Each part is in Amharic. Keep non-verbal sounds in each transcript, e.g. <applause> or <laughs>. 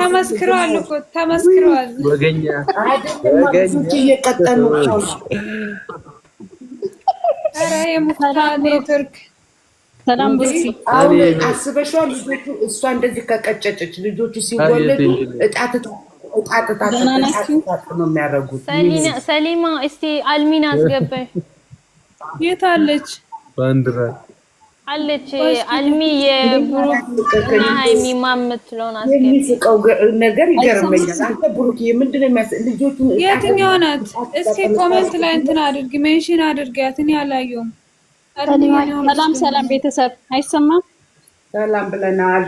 ተመስክረዋል እኮ ተመስክረዋል። ወገኛ እየቀጠሉ ኔትወርክ ሰላም አሁን ልጆቹ እሷ እንደዚህ ከቀጨጨች ልጆቹ ሲወለዱ እጣት ነው የሚያደርጉት። ሰሊማ እስቲ አልሚን አስገባኝ። የት አለች ባንዲራ አለች አልሚ የብሩክ እና ሀይሚ የምትለውን የሚስቀው ነገር ይገርመኛል። የትኛው ናት? እስኪ ኮሜንት ላይ እንትን ሜንሽን ሰላም ሰላም፣ ቤተሰብ አይሰማም? ሰላም ብለናል።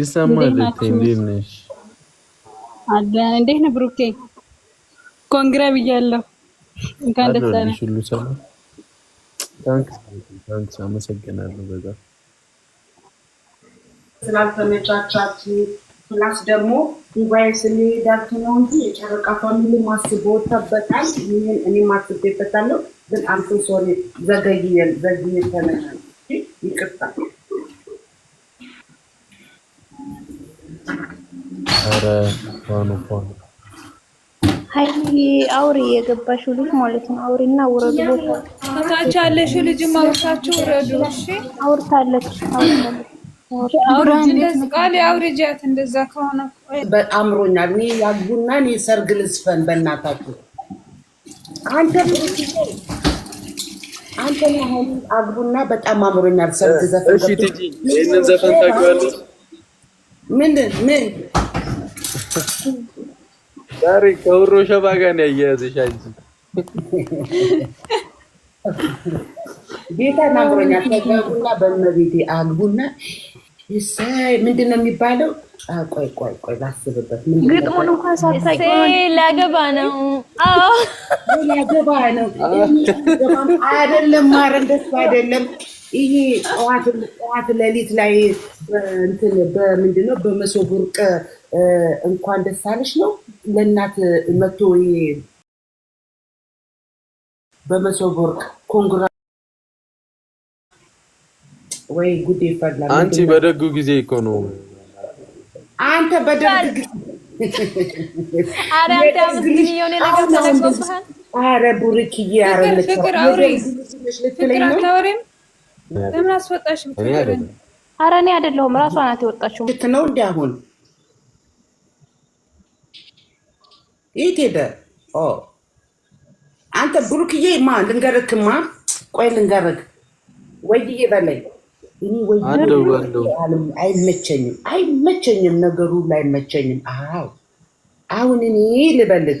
ይሰማል። እንዴት ነሽ? እንዴት ነው ብሩኬ? ኮንግራ ብያለሁ። እንኳን ደስ አለሽ። ሁሉ ሰላም ታንክስ አመሰግናለሁ። በጣም ስላልተመቻቻችሁ ፕላስ ደግሞ ዱባይ ስለሄዳችሁ ነው እንጂ የጨረቃ ፋሚሊ ማስቦታበታል። ይህን እኔ ማስቤበታለሁ፣ ግን አምቶ ሶሪ ዘገይየን ዘግይ ተመቻል ይቅርታ። ኧረ ፏኑ ፏኑ ሀይሚ አውሪ የገባሽው ልጅ ማለት ነው። አውሪና ውረዱ። ቦታ ከታች ያለሽው ልጅ አውርታችሁ ውረዱ። እሺ አውርታለች። ቃል አውርጃት። እንደዛ ከሆነ በአምሮኛል። እኔ ያጉና እኔ ሰርግ ልስፈን። በእናታችሁ አንተ አንተ አግቡና በጣም አምሮኛል። ሰርግ ዘፈን እሺ። ትጂ ይህንን ዘፈን ታውቂዋለሽ? ምን ምን ዛሬ ከውሮ ሸባ ጋር ነው ያያያዝሽ አንቺ። ቤታ ናምሮኛል። ተገቡና በመቤቴ አግቡና ይሳይ ምንድን ነው የሚባለው? ቆይ ቆይ ቆይ ላስብበት። ግጥሙን እንኳን ሳታውቂው ላገባ ነው። አዎ ላገባ ነው አይደለም። ማረን ደስ አይደለም ይሄ ጠዋት ሌሊት ላይ እንትን በምንድን ነው በመሶብ ወርቅ እንኳን ደስ አለሽ ነው ለእናት መቶ በመሶብ ወርቅ ኮንግራ ወይ ጉዴ ይፈላል። አንቺ በደጉ ጊዜ እኮ ነው አንተ በደጉ ጊዜ አረ ቡርክዬ አረ ልትለኝ ነው ለምን አስወጣሽም? ኧረ እኔ አይደለሁም እራሷ ናት የወጣችው። ልክ ነው። እንደ አሁን የት ሄደ? አንተ ብሩክዬ፣ ማ ልንገርክማ፣ ቆይ ልንገርክ። ወይዬ በለኝ። አይመቸኝም፣ አይመቸኝም፣ ነገሩ አይመቸኝም። አዎ አሁን እኔ ልበልግ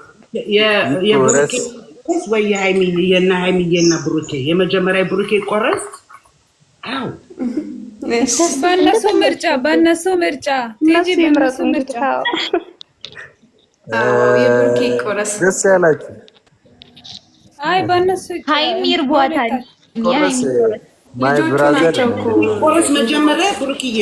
የብሩኬ ወይ የሀይሚዬ የእነ ሀይሚዬ ብሩኬ የመጀመሪያ ብሩኬ ቆረስ አው ባነሱ ምርጫ ባነሱ ምርጫ ምረጡ ምርጫ ደስ ያላችሁ። አይ ባነሱ ሀይሚ ይርቧታል። ልጆቹ ናቸው ቆረስ መጀመሪያ ብሩክዬ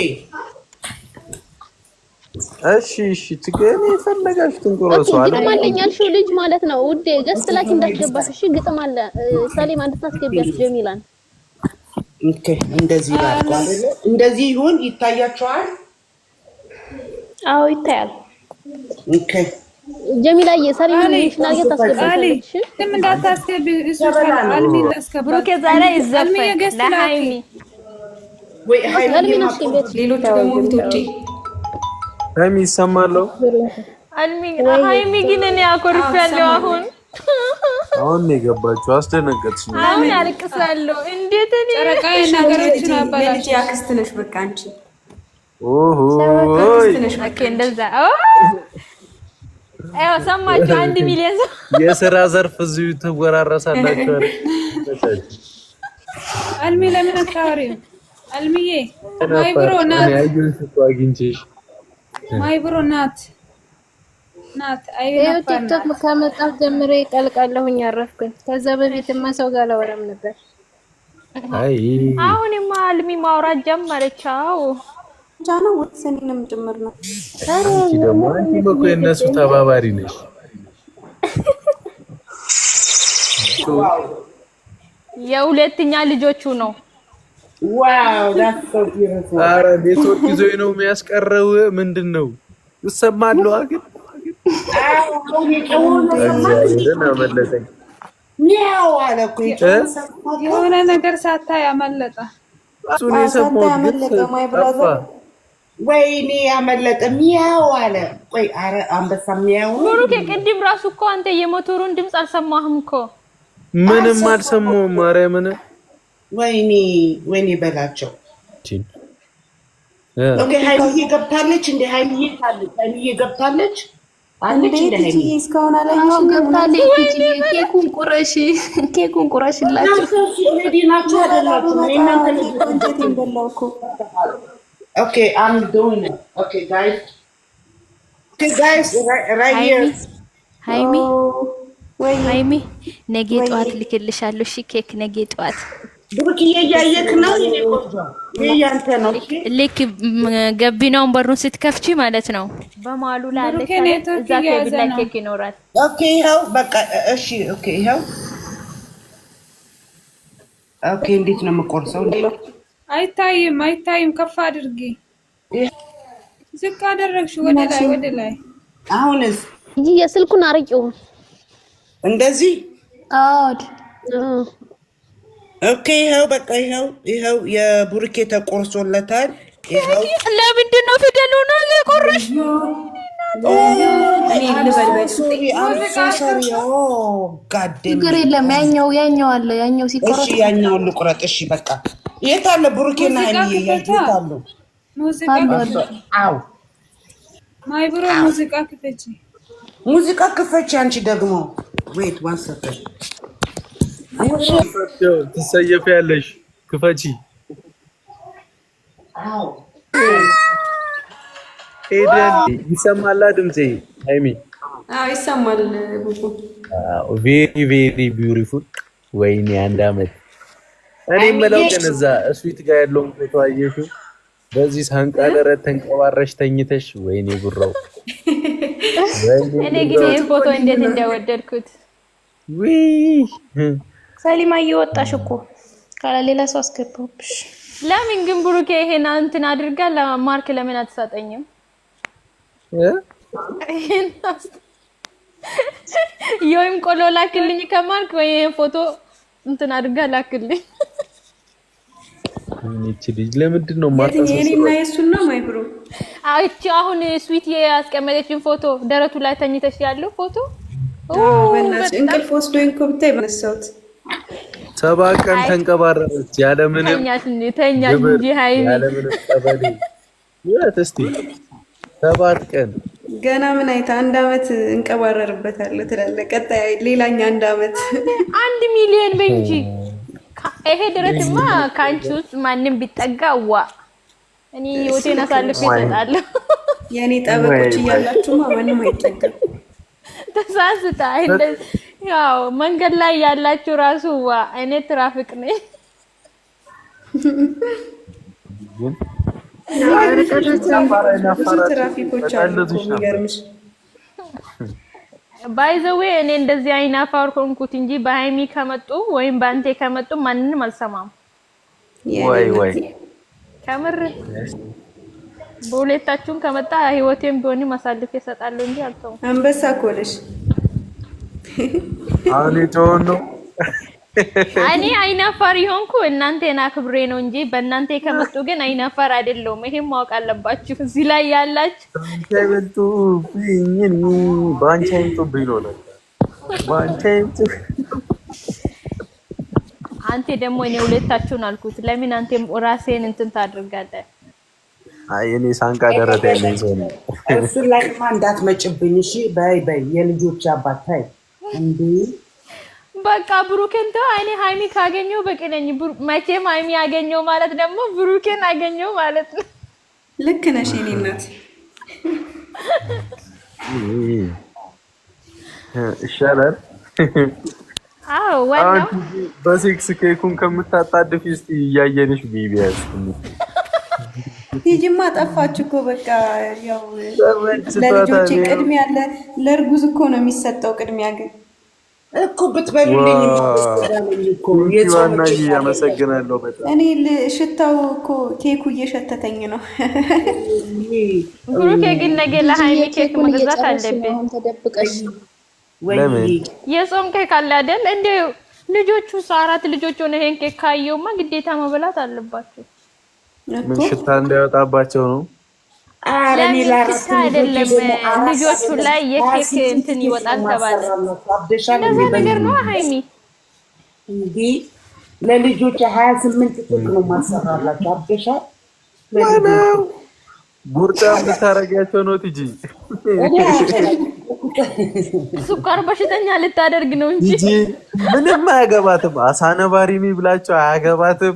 እሺ እሺ፣ ትገኔ ፈለጋሽ ትንቆራሱ አለ ግጥም አለኝ ያልሽው ልጅ ማለት ነው ውዴ፣ ገስ ላኪ እንዳትገባት። እሺ ግጥም አለ ሰሌም እንድታስገቢያት ጀሚላን። ኦኬ፣ እንደዚህ ጋር እንደዚህ ይሁን። ይታያቸዋል? አዎ ይታያል። ኦኬ ጀሚላዬ፣ ሰሌም ናሽናል ታስገቢያለሽ። ግጥም እንዳታስገቢ እሱ አልሚ እስከብሮ ዛሬ ይዘፈ ለሃይሚ ወይ ሃይሚ ሌሎች ደግሞ ወጥቶጪ ሀይሚ ይሰማለው። ሀይሚ ግን እኔ አኮርፊያለሁ። አሁን አሁን ነው የገባችው። አስደነገጥሽኝ። አሁን አልቅሳለሁ። እንዴት እኔ ጨረቃዬ ነገሮችን አባላሽ ያክስት ነሽ። በቃ አንቺ ኦሆ ኦኬ፣ እንደዛ ኦ አዎ፣ ሰማችሁ? አንድ ሚሊዮን ሰው የሥራ ዘርፍ እዚሁ ትወራረሳላችሁ። አልሚ ለምን አታወሪው? አልሚዬ ማይ ብሮ ና ማይ ብሮ ናት ናት። አይ ቲክቶክ ከመጣሁ ጀምሬ ይጠልቃለሁኝ አረፍኩኝ። ከዛ በፊትማ ሰው ጋር አላወራም ነበር። አይ አሁንማ አልሚ ማውራት ጀመረች። አዎ ጃና ወሰኔንም ጭምር ነው። አንቺ ደግሞ እኮ የእነሱ ተባባሪ ነሽ። የሁለተኛ ልጆቹ ነው ኧረ ኔትወርክ ይዞ ነው የሚያስቀረው። ምንድን ነው እሰማለሁ፣ ግን አመለጠኝ። የሆነ ነገር ሳታይ አመለጠ። እሱን የሰማሁት ወይኔ አመለጠ። ሚያው አለ። ቆይ አረ አንበሳ ሚያው። ብሩኬ ቅድም ራሱ እኮ አንተ የሞተሩን ድምፅ አልሰማህም እኮ ምንም አልሰማሁም። ማርያምን ወይኔ ወይኔ በላቸው። ሀይልዬ ገብታለች፣ እንደ ሀይልዬ ታለች፣ ሀይልዬ ገብታለች እንደ ሀይልዬ ሀይልዬ ገብታለች ሀይሚ ነገ ጠዋት ልክልሻለሁ። እሺ ኬክ ነገ ጠዋት ብሩክዬ እያየክ ነው። ያንተ ነው። ልክ ገቢናውን በሩን ስትከፍቺ ማለት ነው። በማሉ ላይ ይኖራል። ኦኬ ይኸው በቃ እሺ። ኦኬ ይኸው ኦኬ። እንዴት ነው የምቆርሰው? አይታይም፣ አይታይም። ከፍ አድርጊ። ዝቅ አደረግሽ። ወደ ላይ፣ ወደ ላይ። አሁንስ የስልኩን አርቂው። እንደዚህ አዎ ኦኬ ይኸው በቃ ይኸው ይኸው የቡርኬ ተቆርሶለታል። ለምንድን ነው ፊደል ሆነ የቆረሽ? ችግር የለም ያኛው ያኛው አለ ያኛው ሲቆረጥ ያኛውን ልቁረጥ። እሺ በቃ የት አለ ቡርኬና የት አሉ? አዎ ሙዚቃ ክፈች፣ ሙዚቃ ክፈች። አንቺ ደግሞ ዌይት ዋን ሰከንድ ትሰየፊያለሽ። ክፈቺ ኤደን። ይሰማላ ድምፄ? ሃይሚ ይሰማል። ቬሪ ቬሪ ቢውቲፉል። ወይኔ አንድ አመት እኔ የምለው ግን እዛ እስዊት ጋር ያለውን ፎቶ አየሽው? በዚህ ሳንቃ ደረት ተንቀባረሽ ተኝተሽ፣ ወይኔ ጉራው። እኔ ግን ይህ ፎቶ እንዴት እንደወደድኩት! ሰሊማ እየወጣሽ እኮ ካለ ሌላ ሰው አስገባብሽ። ለምን ግን ብሩኬ ይሄን እንትን አድርጋ ለማርክ ለምን አትሰጠኝም? ወይም ቆሎ ላክልኝ ከማርክ ወይ ፎቶ እንትን አድርጋ ላክልኝ። እቺ ልጅ ለምንድን ነው ነው አይቺ አሁን ስዊት ያስቀመጠችን ፎቶ ደረቱ ላይ ተኝተሽ ያለው ፎቶ እንቅልፍ ወስዶኝ እኮ ብታይ ሰባ ቀን ተንቀባረረች ያለምንም ተኛት እንጂ ሃይሚ ያለምንም ጠበል ይወት እስቲ ሰባት ቀን ገና ምን አይታ አንድ አመት እንቀባረርበታለሁ ትላለህ። ቀጣይ ሌላኛ አንድ አመት <laughs> አንድ ሚሊዮን በእንጂ እንጂ ይሄ ድረትማ ከአንቺ ውስጥ ማንም ቢጠጋ ዋ እኔ ህይወቴን አሳልፌ እሰጣለሁ። የእኔ ጠበቆች እያላችሁማ ማንም አይጠጋም። ተሳስታ ያው መንገድ ላይ ያላችሁ ራሱ ዋ እኔ ትራፊክ ነኝ። ባይ ዘ ባይዘዌ እኔ እንደዚህ አይናፋር ሆንኩት እንጂ በሀይሚ ከመጡ ወይም በአንቴ ከመጡ ማንንም አልሰማም። ወይ ወይ ከምር በሁለታችሁም ከመጣ ህይወቴም ቢሆንም አሳልፌ እሰጣለሁ እንጂ አልተውም። አንበሳ እኮ ነሽ አሁን የጮኸው ነው። እኔ አይናፋር የሆንኩ እናንተን አክብሬ ነው እንጂ በእናንተ ከመጡ ግን አይናፋር አይደለሁም። ይሄም ማወቅ አለባችሁ። እዚህ ላይ ያላችሁ በአንቺ አይምጡብኝ ነው ነው በአንቺ አይምጡ። አንተ ደግሞ እኔ ሁለታችሁን አልኩት። ለምን አንቴም ራሴን እንትን ታደርጋለህ? አይ እኔ ሳንቃ ደረተ ያለኝ ሰው ነው። እሱ ላይ ማ እንዳትመጭብኝ። እሺ በይ በይ፣ የልጆች አባት ታይ በቃ ብሩኬን ተው። እኔ ሀይሚ ካገኘው በቂ ነኝ። መቼም ሀይሚ ያገኘው ማለት ደግሞ ብሩኬን አገኘው ማለት ነው። ልክ ነሽ የእኔ እናት። ይሻላል። አዎ ዋናው በሴክስ ኬኩን ከምታጣድፍ እስኪ እያየንሽ ቢቢያስ ቲጂማ ጠፋች እኮ በቃ ያው ለልጆቼ ቅድሚያ ለእርጉዝ እኮ ነው የሚሰጠው ቅድሚያ ግን እኮ ብትበሉልኝ አመሰግናለሁ። በጣም እኔ ሽታው እኮ ኬኩ እየሸተተኝ ነው። ብሩኬ ግን ነገ ለሀይሚ ኬክ መግዛት አለብን። የጾም ኬክ አለ አይደል? እንደ ልጆቹ አራት ልጆች ሆነ ይሄን ኬክ ካየውማ ግዴታ መብላት አለባቸው። ምን ሽታ እንዳይወጣባቸው ነው ለሚክስ አይደለም ልጆቹ ላይ የኬክ እንትን ይወጣል ተባለ። እንደዛ ነገር ነው ሀይሚ ለልጆች ስምንት ኬክ ነው ማሰራላቸው። ነው ትጂ ስኳር በሽተኛ ልታደርግ ነው እንጂ ምንም አያገባትም። አሳነባሪ ብላቸው አያገባትም።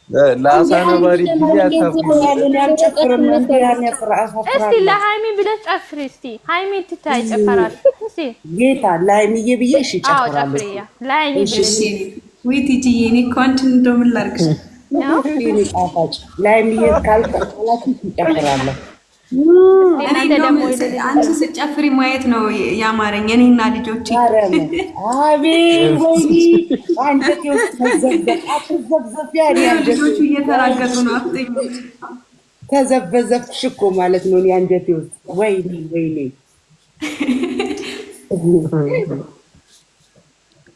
ለአሳነባሪ ጊዜ እስቲ ለሀይሚ ብለሽ ጨፍሪ እስቲ። ሀይሚ ትታይ ጨፈራል ጌታ ለሀይሚዬ ብዬ እሺ ጨፍራለሁ። ለሀይሚዬ ካልክ ጨፍራለሁ አንቺ ስጨፍሪ ማየት ነው ያማረኝ። እኔና ልጆች ልጆቹ እየተራገጡ ነው። ተዘበዘብሽ እኮ ማለት ነው። አንጀቴ ውስጥ ወይኔ ወይኔ <laughs>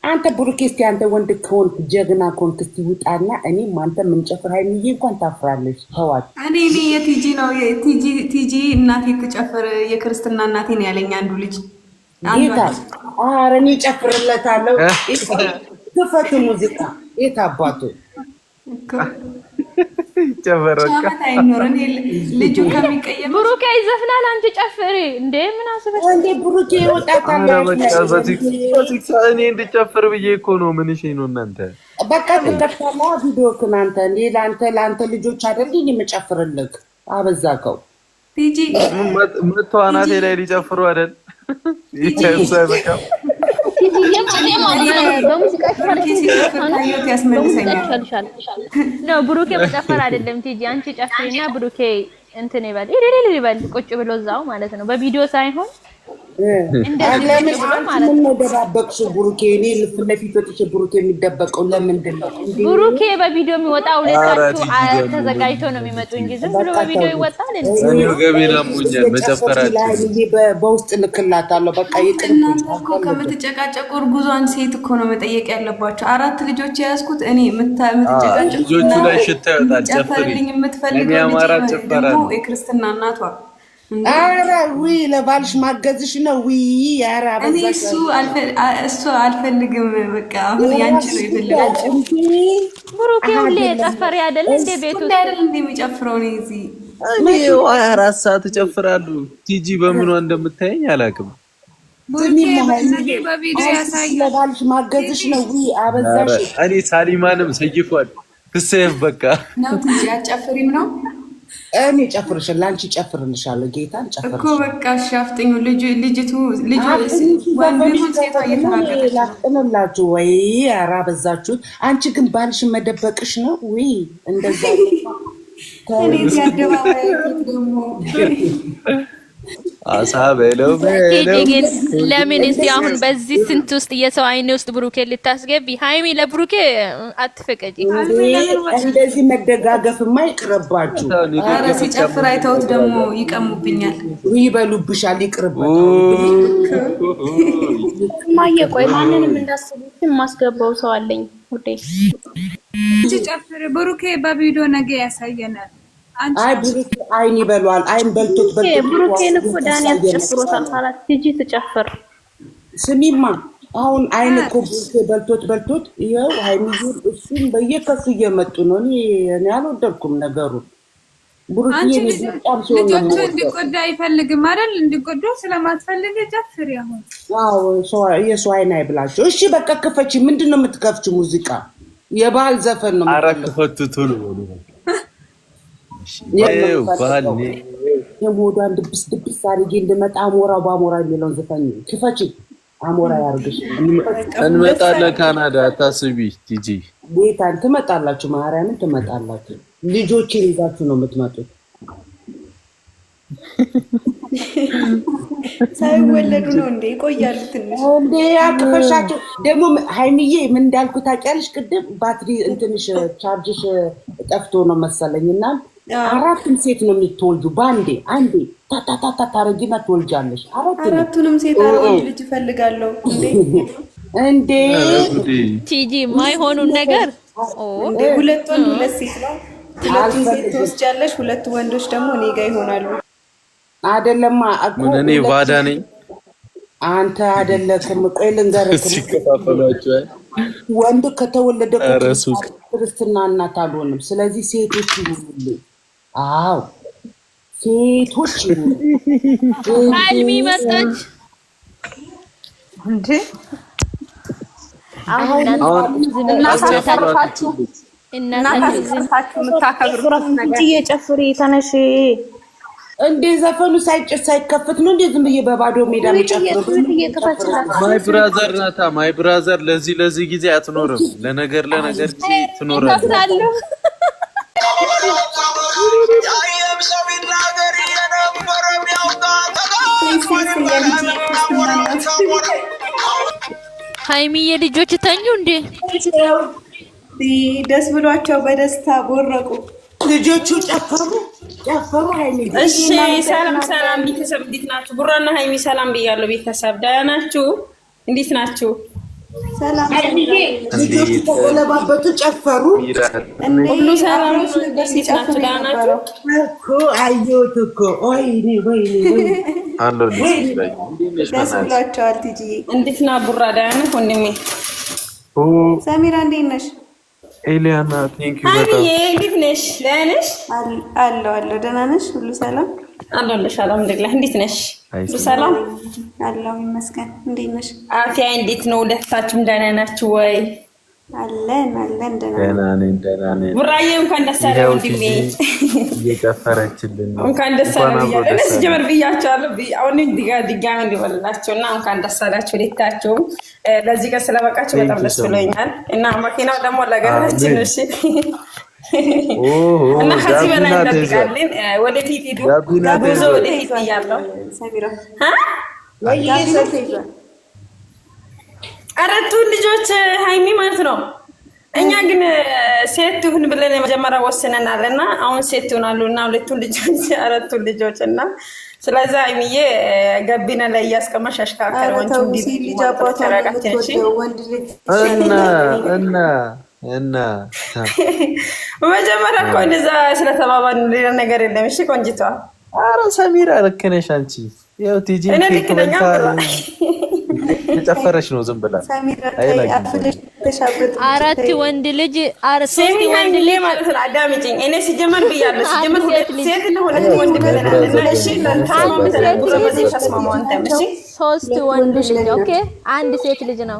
አንተ ብሩኬ አንተ ወንድ ከሆንክ ጀግና ኮንክስቲ ውጣና እኔም አንተ ምንጨፍር ሀይሚዬ እንኳን ታፍራለች። ተዋት። እኔ እኔ የቲጂ ነው ቲጂ እናቴ ትጨፍር የክርስትና እናቴን ያለኝ አንዱ ልጅ ጌታ ኧረ እኔ ጨፍርለታለሁ። ሙዚቃ የት አባቱ ልጁ ከሚቀየም ብሩኬ ይዘፍናል፣ አንቺ ጨፍሪ። እንደ ምን አስበሽ እንደ ብሩኬ ይወጣታል። እኔ እንድጨፍር ብዬ እኮ ነው። ምን እሺ ነው እናንተ በቃ ትከፍታላ ቪዲዮክን አንተ እንዴ ለአንተ ለአንተ ልጆች አይደል እንዴ የምጨፍርልክ? አበዛከው። ቲጂ ላይ ሊጨፍሩ አይደል ይቻ ብሩኬ መጨፈር አይደለም ቲጂ፣ አንቺ ጨፍሪና ብሩኬ እንትን ይበል ይበል ቁጭ ብሎ እዛው ማለት ነው በቪዲዮ ሳይሆን ለምን ደባበቅሽው? ብሩኬ እኔ ፊት ለፊት ወጥቼ ብሩኬ የሚደበቀው ለምንድን ነው? ብሩኬ በቪዲዮ የሚወጣ ሁለታችሁ ተዘጋጅቶ ነው የሚመጡ እንጂ ዝም ብሎ በቪዲዮ ይወጣል። በውስጥ ልክላታለሁ። በቃ እናንተ እኮ ከምትጨቃጨቁ እርጉዟን ሴት እኮ ነው መጠየቅ ያለባቸው። አራት ልጆች የያዝኩት እኔ የምትጨቃጨቁ የምትፈልገው የክርስትና እናቷ አረ ውይ ለባልሽ ማገዝሽ ነው። ውይ ያራ እኔ እሱ እሱ አልፈልግም። በቃ አሁን ያንቺ ነው የፈለጋችሁ። ብሩኬ ሁሌ አይደል የሚጨፍረው ነው። አራት ሰዓት ቲጂ በምኗ እንደምታየኝ አላውቅም። ለባልሽ ማገዝሽ ነው። አበዛሽ። እኔ ሳሊማንም ሰይፏል ትሰየፍ በቃ ነው። ቲጂ አጨፍሪም ነው እኔ ጨፍርሻለሁ፣ ለአንቺ ጨፍርልሻለሁ። ጌታን እኮ በቃ እሺ። አፍጥኙ ልጅቱ ላቅንላችሁ ወይ ኧረ አበዛችሁት። አንቺ ግን ባልሽን መደበቅሽ ነው ወይ? እንደዛ <laughs> አሳ በለው ለምን እስቲ አሁን በዚህ ስንት ውስጥ የሰው አይኔ ውስጥ ብሩኬ ልታስገቢ? ሀይሚ ለብሩኬ አትፈቀጂ። እንደዚህ መደጋገፍማ ይቅርባችሁ። ኧረ ሲጨፍር አይተውት ደግሞ ይቀሙብኛል፣ ይበሉብሻል። ቆይ ማንንም እንዳስቡት ማስገባው ሰው አለኝ። ሲጨፍር ብሩኬ በቪዲዮ ነገ ያሳየናል። አይ ብሩኬ አይን ይበሏል። አይን በልቶት በልቶት ብሩኬን እኮ ዳንኤል ያስጨፍሮታል። ማለት ትጂ ትጨፍር። ስሚማ አሁን አይን እኮ ብሩኬ በልቶት በልቶት ይኸው ሃይሚዙ እሱም በየከሱ እየመጡ ነው። እኔ እኔ አልወደድኩም ነገሩን። ብሩኬ በጣም ሲሆን ነው እንዲጎዳ አይፈልግም አይደል? እንዲጎዳ ስለማትፈልግ ጨፍሪ። አሁን አዎ፣ ሰው የሰው አይን አይብላቸው። እሺ በቃ ክፈቺ። ምንድን ነው የምትከፍቺ? ሙዚቃ የባህል ዘፈን ነው። ኧረ ክፈቱ ቶሎ የሞዷን ድብስ ድብስ አድርጌ አሞራ በአሞራ የሚለውን ዘፈኝ ክፈች አሞራ ያርግሽ። እንመጣለን ካናዳ ታስቢ ቲጂ ቤታን ትመጣላችሁ፣ ማርያምን ትመጣላችሁ። ልጆችን ይዛችሁ ነው የምትመጡት። ሳይወለዱ ነው እንዴ? ይቆያሉ ትንሽ እንዴ? ደግሞ ሀይሚዬ፣ ምን እንዳልኩ ታውቂያለሽ? ቅድም ባትሪ እንትንሽ ቻርጅሽ ጠፍቶ ነው መሰለኝ እና አራቱም ሴት ነው የምትወልዱ በአንዴ አንዴ ታታታታ ታረጊና ትወልጃለሽ። አራቱንም ሴት አረወንድ ልጅ እፈልጋለሁ እንዴ ቲጂ ማይሆኑን ነገር ሁለት ወንድ ሁለት ሴት ነው። ሁለቱን ሴት ትወስጃለሽ፣ ሁለት ወንዶች ደግሞ እኔ ጋ ይሆናሉ። አደለማ አይደለማ እኔ ባዳ ነኝ። አንተ አይደለክም። ቆይ ልንገርህ፣ ወንድ ከተወለደ ክርስትና እናት አልሆንም። ስለዚህ ሴቶች ይሁኑልኝ። አዎ ሴቶች አልሚ መጣች። እንደ እንዴ ዘፈኑ ሳይጨስ ሳይከፈት ነው እንዴ? ዝም ብዬ በባዶ ሜዳ መጨፈር። ማይ ብራዘር ናታ፣ ማይ ብራዘር። ለዚህ ለዚህ ጊዜ አትኖርም፣ ለነገር ለነገር ትኖራለህ። ሀይሚ የልጆች ተኙ እንዴ? ደስ ብሏቸው በደስታ ቦረቁ። ልጆቹ ጨፈሩ ጨፈሩ። እሺ፣ ሰላም ሰላም ቤተሰብ፣ እንዴት ናችሁ? ቡራና ሀይሚ ሰላም ብያለሁ ቤተሰብ፣ ደህና ናችሁ? እንዴት ናችሁ? ሰላም ጨፈሩ። ሁሉ ሰላሞች ነበር ሲጨፍሩ ናቸው እኮ አየሁት እኮ። ወይኔ ወይኔ ደስ ብሏቸዋል። እንዴት ና ቡራ ዳያነ ወንድሜ ሰሚራ እንዴት ነሽ? ኤሊያና ቴንክ ዩ እንዴት ነሽ? ደህና ነሽ? አለሁ አለሁ። ደህና ነሽ? ሁሉ ሰላም አለሁልሽ። አልሐምዱሊላህ እንዴት ነሽ? ሰላም አለው ይመስገን። እንዴት ነሽ? አፍያ እንዴት ነው? ሁለታችሁም ደህና ናችሁ ወይ? አለን አለን፣ ደህና ነን፣ ደህና ነን። ቡራዬ እንኳን ደስ ወንድሜ። እየጨፈረችልን እንኳን ደስ ብያለሁ። እኔ ስጀምር ብያቸዋለሁ። አሁን ድጋሚ እንዲበልላቸው እና እንኳን ደስ ሁለታችሁም። ለዚህ ቀን ስለበቃችሁ በጣም ደስ ብሎኛል እና መኪናው ደግሞ እሺ እና ከዚህ በላይ እንጠብቃለን። ወደፊት ሂዱ። ጉዞ ወደፊት እያለው አረቱን ልጆች ሀይሚ ማለት ነው። እኛ ግን ሴት ሁን ብለን የመጀመሪያ ወስነናል እና አሁን ሴት ሁናሉ እና ሁለቱን ልጆች አረቱን ልጆች እና ስለዚ ሀይሚዬ ገቢነ ላይ እያስቀመሽ አሽከርካሪ ወንድ እና እና እና መጀመሪያ እኮ እንደዛ ስለተባባሉ ሌላ ነገር የለም። እሺ ቆንጅቷ። አረ ሰሚራ ልክ ነሽ አንቺ። ያው ቲጂ የጨፈረች ነው ዝም ብላ አራት ወንድ ልጅ ሶስት ወንድ ልጅ ማለት ነው። አዳምጪኝ። እኔ ሲጀመር ብያለሁ። ሲጀመር ሁለት ሴት ሁለት ወንድ ብለናልና ሶስት ወንድ ልጅ ኦኬ። አንድ ሴት ልጅ ነው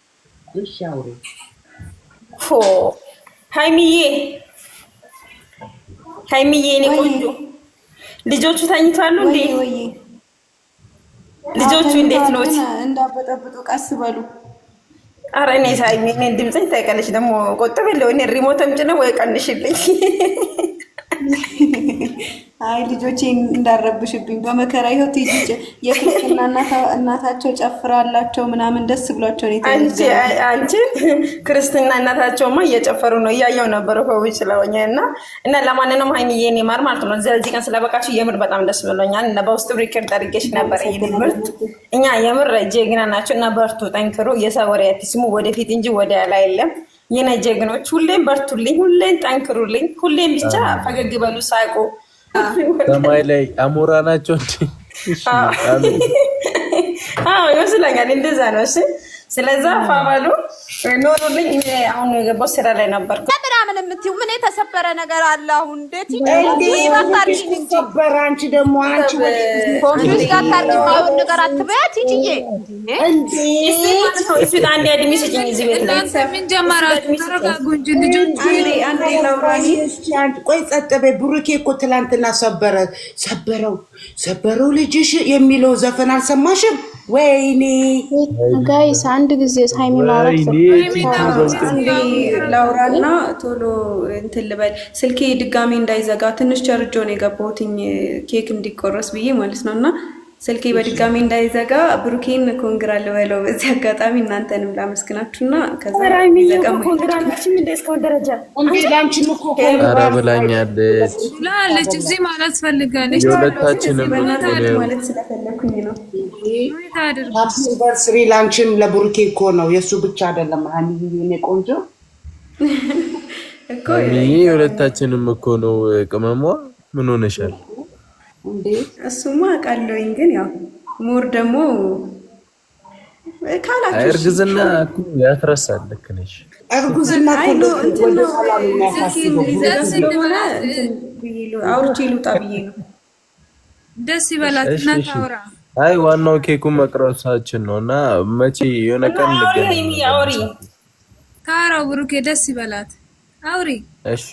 ሻውሪ ሀይሚዬ ሀይሚዬ እኔ ቆንጆ ልጆቹ ተኝቷሉ እንዴ? ልጆቹ እንዴት ኖት? እንዳበጠብጡ ቀስ በሉ። አረ እኔ ሳይሜ ድምፅ ይታይቀለች ደግሞ ቆጥብ የለው እኔ ሪሞተም ጭነ ወይ ቀንሽልኝ አይ ልጆቼ እንዳረብሽብኝ በመከራ ይኸው ትይጅ የክርስትና እናታቸው ጨፍራላቸው ምናምን ደስ ብሏቸው አንቺ ክርስትና እናታቸውማ እየጨፈሩ ነው እያየው ነበረ ሆዊ ስለሆኛ እና እና ለማንንም ሀይሚ የኔ ማር ማለት ነው ስለዚህ ቀን ስለበቃችሁ የምር በጣም ደስ ብሎኛል እና በውስጥ ሪከርድ አድርጌሽ ነበር ምርት እኛ የምር ጀግና ናቸው እና በርቱ ጠንክሮ የሰው ወሬ አትስሙ ወደፊት እንጂ ወደ ላይ የለም የኔ ጀግኖች ሁሌም በርቱልኝ፣ ሁሌም ጠንክሩልኝ፣ ሁሌም ብቻ ፈገግ በሉ፣ ሳቁ። ሰማይ ላይ አሞራ ናቸው እንዲ ይመስለኛል። እንደዛ ነው። እሺ ስለዛ ፋባሉ ኖሩልኝ። እኔ አሁን የገባው ስራ ላይ ነበር። ምን የምትይው ምን የተሰበረ ነገር አለ? አሁን እንዴት ይሰበረ? አንቺ ደግሞ አንቺ ኮንፊውዝ ጋር ታርጊ ነገር አትበያት። ይጭዬ አንድ አድሜ ስጭኝ። እዚህ ቤት ላይ ምን ጀመራችሁ? ተረጋጉ እንጂ ልጆች። ቆይ ጸጥ በይ። ብሩኬ እኮ ትላንትና ሰበረ ሰበረው ሰበረው ልጅሽ የሚለው ዘፈን አልሰማሽም? ወይኔ ጋይስ አንድ ጊዜ ሃይሚ ማውራት ላውራና ቶሎ እንትን ልበል። ስልኬ ድጋሜ እንዳይዘጋ ትንሽ ቸርጆ ነው የገባሁትኝ ኬክ እንዲቆረስ ብዬ ማለት ነው እና ስልኬ በድጋሚ እንዳይዘጋ ብሩኬን ኮንግራ ልበለው። በዚህ አጋጣሚ እናንተንም ላመስግናችሁ እና ከዛራ ብላኛለች እዚህ ማለት ፈልጋለች ማለት ስለፈለ ሃፒ ዩኒቨርሰሪ ላንቺም ለቡርኬ እኮ ነው፣ የእሱ ብቻ አይደለም። ሀኒዬ ቆንጆ ይህ ሁለታችንም እኮ ነው። ቅመሟ ምን ሆነሻል? እሱማ አውቃለሁኝ፣ ግን ያው ሞር ደግሞ እርግዝና ያስረሳል። ልክ ነሽ። እርጉዝና አውርቼ ልውጣ ብዬ ነው። ደስ ይበላት እና ታውራ አይ ዋናው ኬኩ መቅረሳችን ነው እና መቼ የሆነ ቀን እንገናኝ። አውሪ ታራው ብሩኬ ደስ ይበላት። አውሪ እሺ፣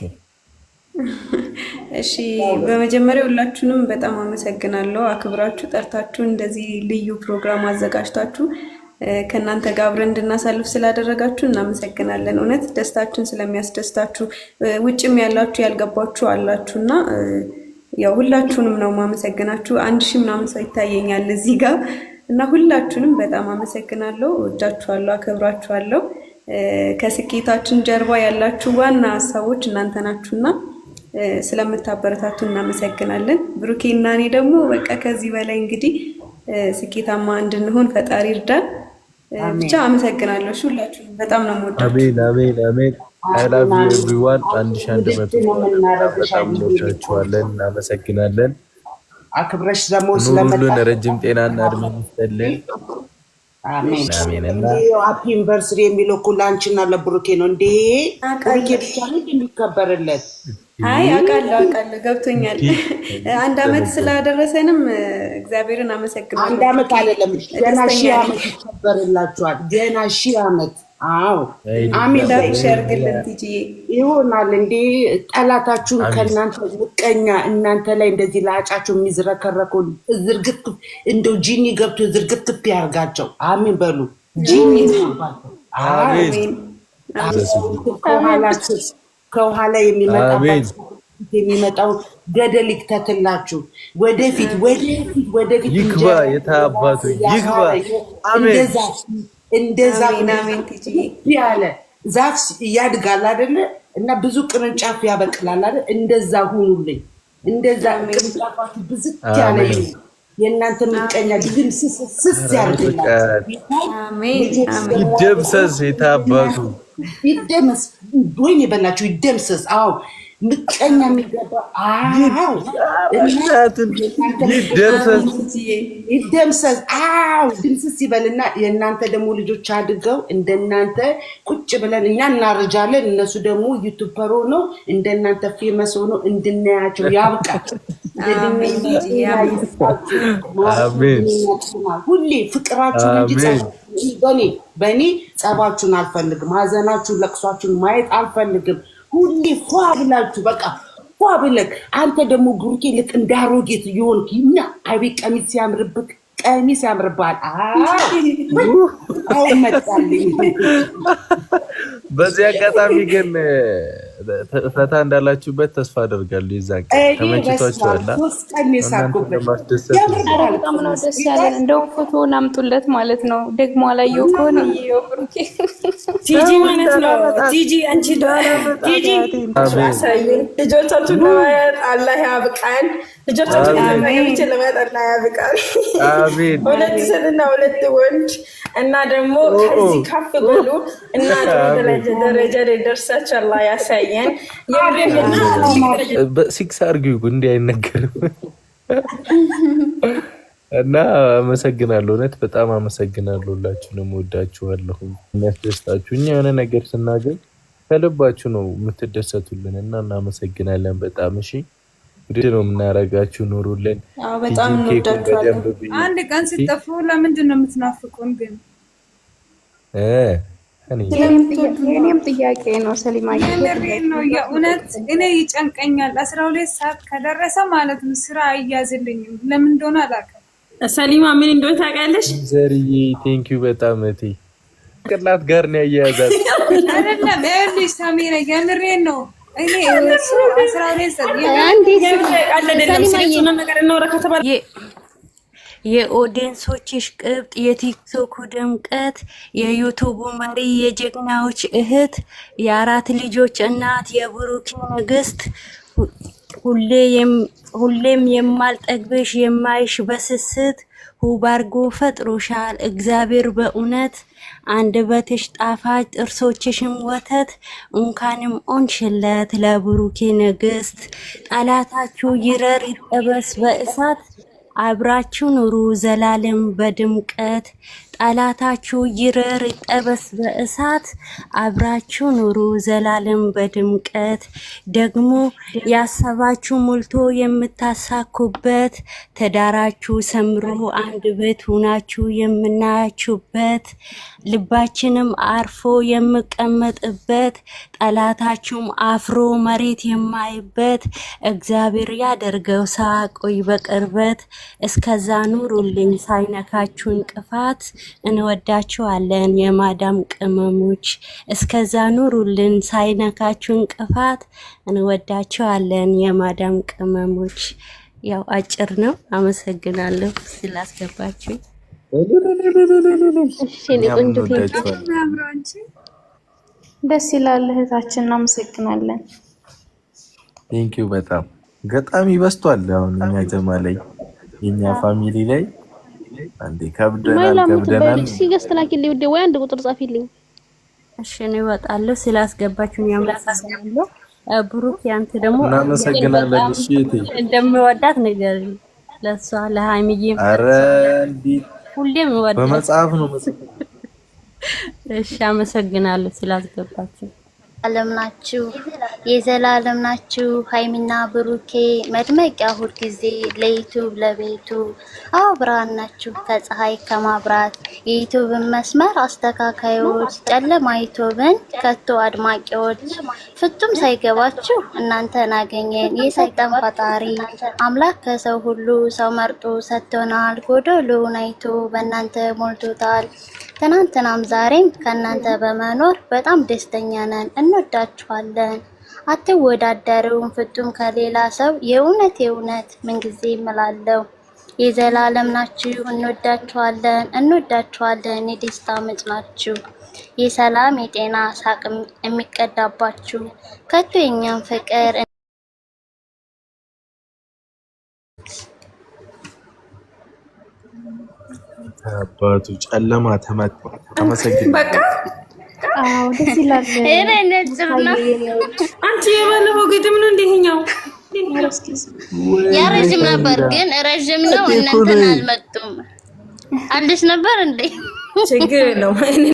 እሺ። በመጀመሪያ ሁላችሁንም በጣም አመሰግናለሁ። አክብራችሁ ጠርታችሁ እንደዚህ ልዩ ፕሮግራም አዘጋጅታችሁ ከእናንተ ጋር አብረን እንድናሳልፍ ስላደረጋችሁ እናመሰግናለን። እውነት ደስታችን ስለሚያስደስታችሁ ውጭም ያላችሁ ያልገባችሁ አላችሁ እና ያው ሁላችሁንም ነው ማመሰግናችሁ። አንድ ሺ ምናምን ሰው ይታየኛል እዚህ ጋር እና ሁላችሁንም በጣም አመሰግናለሁ። እወዳችኋለሁ፣ አከብራችኋለሁ። ከስኬታችን ጀርባ ያላችሁ ዋና ሀሳቦች እናንተ ናችሁና ስለምታበረታቱ እናመሰግናለን። ብሩኬ እና እኔ ደግሞ በቃ ከዚህ በላይ እንግዲህ ስኬታማ እንድንሆን ፈጣሪ እርዳን። ብቻ አመሰግናለሁ። ሁላችሁ በጣም ነው የምወዳችሁ። አይላቪ ኤቭሪዋን አንድ ሺህ አንድ መቶ በጣም እንወዳችኋለን፣ እናመሰግናለን። አክብረሽ ደግሞ ረጅም ጤናና እድሜ ይስጥልን። አሜን። ሀፒ የሚለው እኮ ለብሩኬ ነው እንዴ? ብሩኬ ብቻ ነው የሚከበርለት? አይ አውቃለሁ፣ አውቃለሁ፣ ገብቶኛል። <laughs> አንድ አመት ስላደረሰንም እግዚአብሔርን አመሰግናለሁ። አንድ አመት አይደለም ገና ሺህ አመት ይከበርላችኋል። ገና ሺህ አመት አዎ አሜን። ላይሽ ያርግልን። ትጂ ይሆናል እንዴ ጠላታችሁን ከእናንተ ምቀኛ እናንተ ላይ እንደዚህ ለአጫቸው የሚዝረከረከው ዝርግት እንደው ጂኒ ገብቶ ዝርግት ክፍ ያርጋቸው። አሜን በሉ ጂኒ ከኋላ የሚመጣው ገደል ይክተትላችሁ። ወደፊት ወደፊት ወደፊት ይግባ። የታባቱ ይግባ። አሜን እንደ ያለ ዛፍ እያድጋል አደለ እና ብዙ ቅርንጫፍ ያበቅላል አይደል? እንደዛ ሁኑልኝ። እንደዛ ቅርንጫፋት ብዝት ያለ የእናንተ ምቀኛ ግድም ስስ ያደርግላችሁ። ይደምሰስ የታባቱ ይደመስ ወይም የበላችሁ ይደምሰስ። አዎ ምቀኛ የሚገባ ይደምሰስ። አዎ ድምስስ ይበልና የእናንተ ደግሞ ልጆች አድገው እንደናንተ ቁጭ ብለን እኛ እናረጃለን እነሱ ደግሞ ዩቱበር ሆነው እንደናንተ ፌመስ ሆነው እንድናያቸው ያብቃል። ሁሌ ፍቅራችሁን እንጂ በኔ ጸባችሁን አልፈልግም። ሀዘናችሁን ለቅሷችሁን ማየት አልፈልግም። ሁሌ ፏ ብላችሁ በቃ ፏ ብለህ አንተ ደግሞ ቡርኬ ልክ እንዳሮጌት የሆንክ እና አቤት ቀሚስ ያምርብክ ቀሚስ ያምርባል። አይ መጣልኝ። በዚህ አጋጣሚ ግን ፈታ እንዳላችሁበት ተስፋ አደርጋለሁ። ይዛ ተመችቷችኋል። እንደው አምጡለት ማለት ነው። ደግሞ አላየሁ ከሆነ ጂጂ ማለት ነው። አንቺ ለማየት አላህ ያብቃን። ለማየት አላህ ያብቃን። ሁለት ሴትና ሁለት ወንድ እና ደግሞ ከዚህ ከፍ ብሎ እና ደረጃ ላይ ደርሳችሁ አላህ ያሳየን። በሲክስ አርጊ እንዲህ አይነገርም። እና አመሰግናለሁ፣ እውነት በጣም አመሰግናለሁ። ሁላችሁንም ወዳችኋለሁ። የሚያስደስታችሁ እኛ የሆነ ነገር ስናገኝ ከልባችሁ ነው የምትደሰቱልን እና እናመሰግናለን በጣም እሺ። እንዴት ነው የምናደርጋችሁ? ኑሩልን። በጣም እንወዳችኋለን። አንድ ቀን ሲጠፉ ለምንድን ነው የምትናፍቁን? ግን እኔም ጥያቄ ነው ሰሊማ ነው የእውነት እኔ ይጨንቀኛል። አስራ ሁለት ሰዓት ከደረሰ ማለት ነው ስራ አያዝልኝም። ለምን እንደሆነ አላውቅም። ሰሊማ ምን እንደሆነ ታውቂያለሽ? ዘርዬ ቴንኪው በጣም እቴ ቅላት ጋር ነው ያያዛል። አይደለም ይኸውልሽ፣ ሳሜራ የምሬን ነው የኦዲንሶችሽ ቅብጥ፣ የቲክቶኩ ድምቀት፣ የዩቱቡ መሪ፣ የጀግናዎች እህት፣ የአራት ልጆች እናት፣ የብሩኪ ንግስት፣ ሁሌም የማልጠግብሽ የማይሽ በስስት ሁባርጎ ፈጥሮሻል እግዚአብሔር በእውነት አንደበትሽ ጣፋጭ ጥርሶችሽም ወተት። እንኳንም ኦንሽለት ለብሩኬ ንግስት። ጠላታችሁ ይረር ይጠበስ በእሳት። አብራችሁ ኑሩ ዘላለም በድምቀት ጠላታችሁ ይረር ይጠበስ በእሳት አብራችሁ ኑሩ ዘላለም በድምቀት ደግሞ ያሰባችሁ ሞልቶ የምታሳኩበት ትዳራችሁ ሰምሮ አንድ ቤት ሁናችሁ የምናያችሁበት ልባችንም አርፎ የምቀመጥበት ጠላታችሁም አፍሮ መሬት የማይበት እግዚአብሔር ያደርገው ሳቆይ በቅርበት እስከዛ ኑሩልኝ ሳይነካችሁ እንቅፋት እንወዳችኋለን የማዳም ቅመሞች። እስከዛ ኑሩልን ሳይነካችሁ እንቅፋት። እንወዳችኋለን የማዳም ቅመሞች። ያው አጭር ነው። አመሰግናለሁ ስላስገባችሁ። ደስ ይላል እህታችን፣ እናመሰግናለን። ቴንኪው በጣም ገጣሚ በስቷል። አሁን እኛ ጀማ ላይ የኛ ፋሚሊ ላይ አንዴ ከብደናል ከብደናል። ላኪልኝ ውዴ፣ ወይ አንድ ቁጥር ጻፊልኝ። እሺ እወጣለሁ። ብሩክ ያንተ ደግሞ እናመሰግናለን። እሺ እቴ እንደምወዳት ነገር ለሷ ለሃይሚዬ፣ አረ እንዴ ሁሌም ወዳት በመጽሐፍ ነው መጽሐፍ። እሺ አመሰግናለሁ ስላስገባችሁ። ዘላለም ናችሁ የዘላለም ናችሁ ሀይሚና ብሩኬ መድመቂያ ሁልጊዜ ለዩቱብ ለቤቱ አዎ ብርሃን ናችሁ ከፀሐይ ከማብራት የዩቱብን መስመር አስተካካዮች ጨለማ ዩቱብን ከቶ አድማቂዎች ፍጹም ሳይገባችሁ እናንተን አገኘን የሰጠን ፈጣሪ አምላክ ከሰው ሁሉ ሰው መርጦ ሰጥቶናል ጎደሎውን አይቶ በእናንተ ሞልቶታል ትናንትናም ዛሬም ከእናንተ በመኖር በጣም ደስተኛ ነን እንወዳችኋለን። አትወዳደሩም ፍጡም ከሌላ ሰው የእውነት የእውነት ምንጊዜ እምላለሁ የዘላለም ናችሁ። እንወዳችኋለን እንወዳችኋለን። የደስታ ምንጭ ናችሁ። የሰላም የጤና ሳቅ የሚቀዳባችሁ ከቶ የኛም ፍቅር አባቱ ጨለማ ተመታ። አመሰግናለሁ። ደስ ይላል። አንቺ የባለፈው ግጥም ነው እንዲህኛው ያ ረዥም ነበር፣ ግን ረዥም ነው። እናንተን አልመጡም ነበር እንዴ? ችግር የለውም።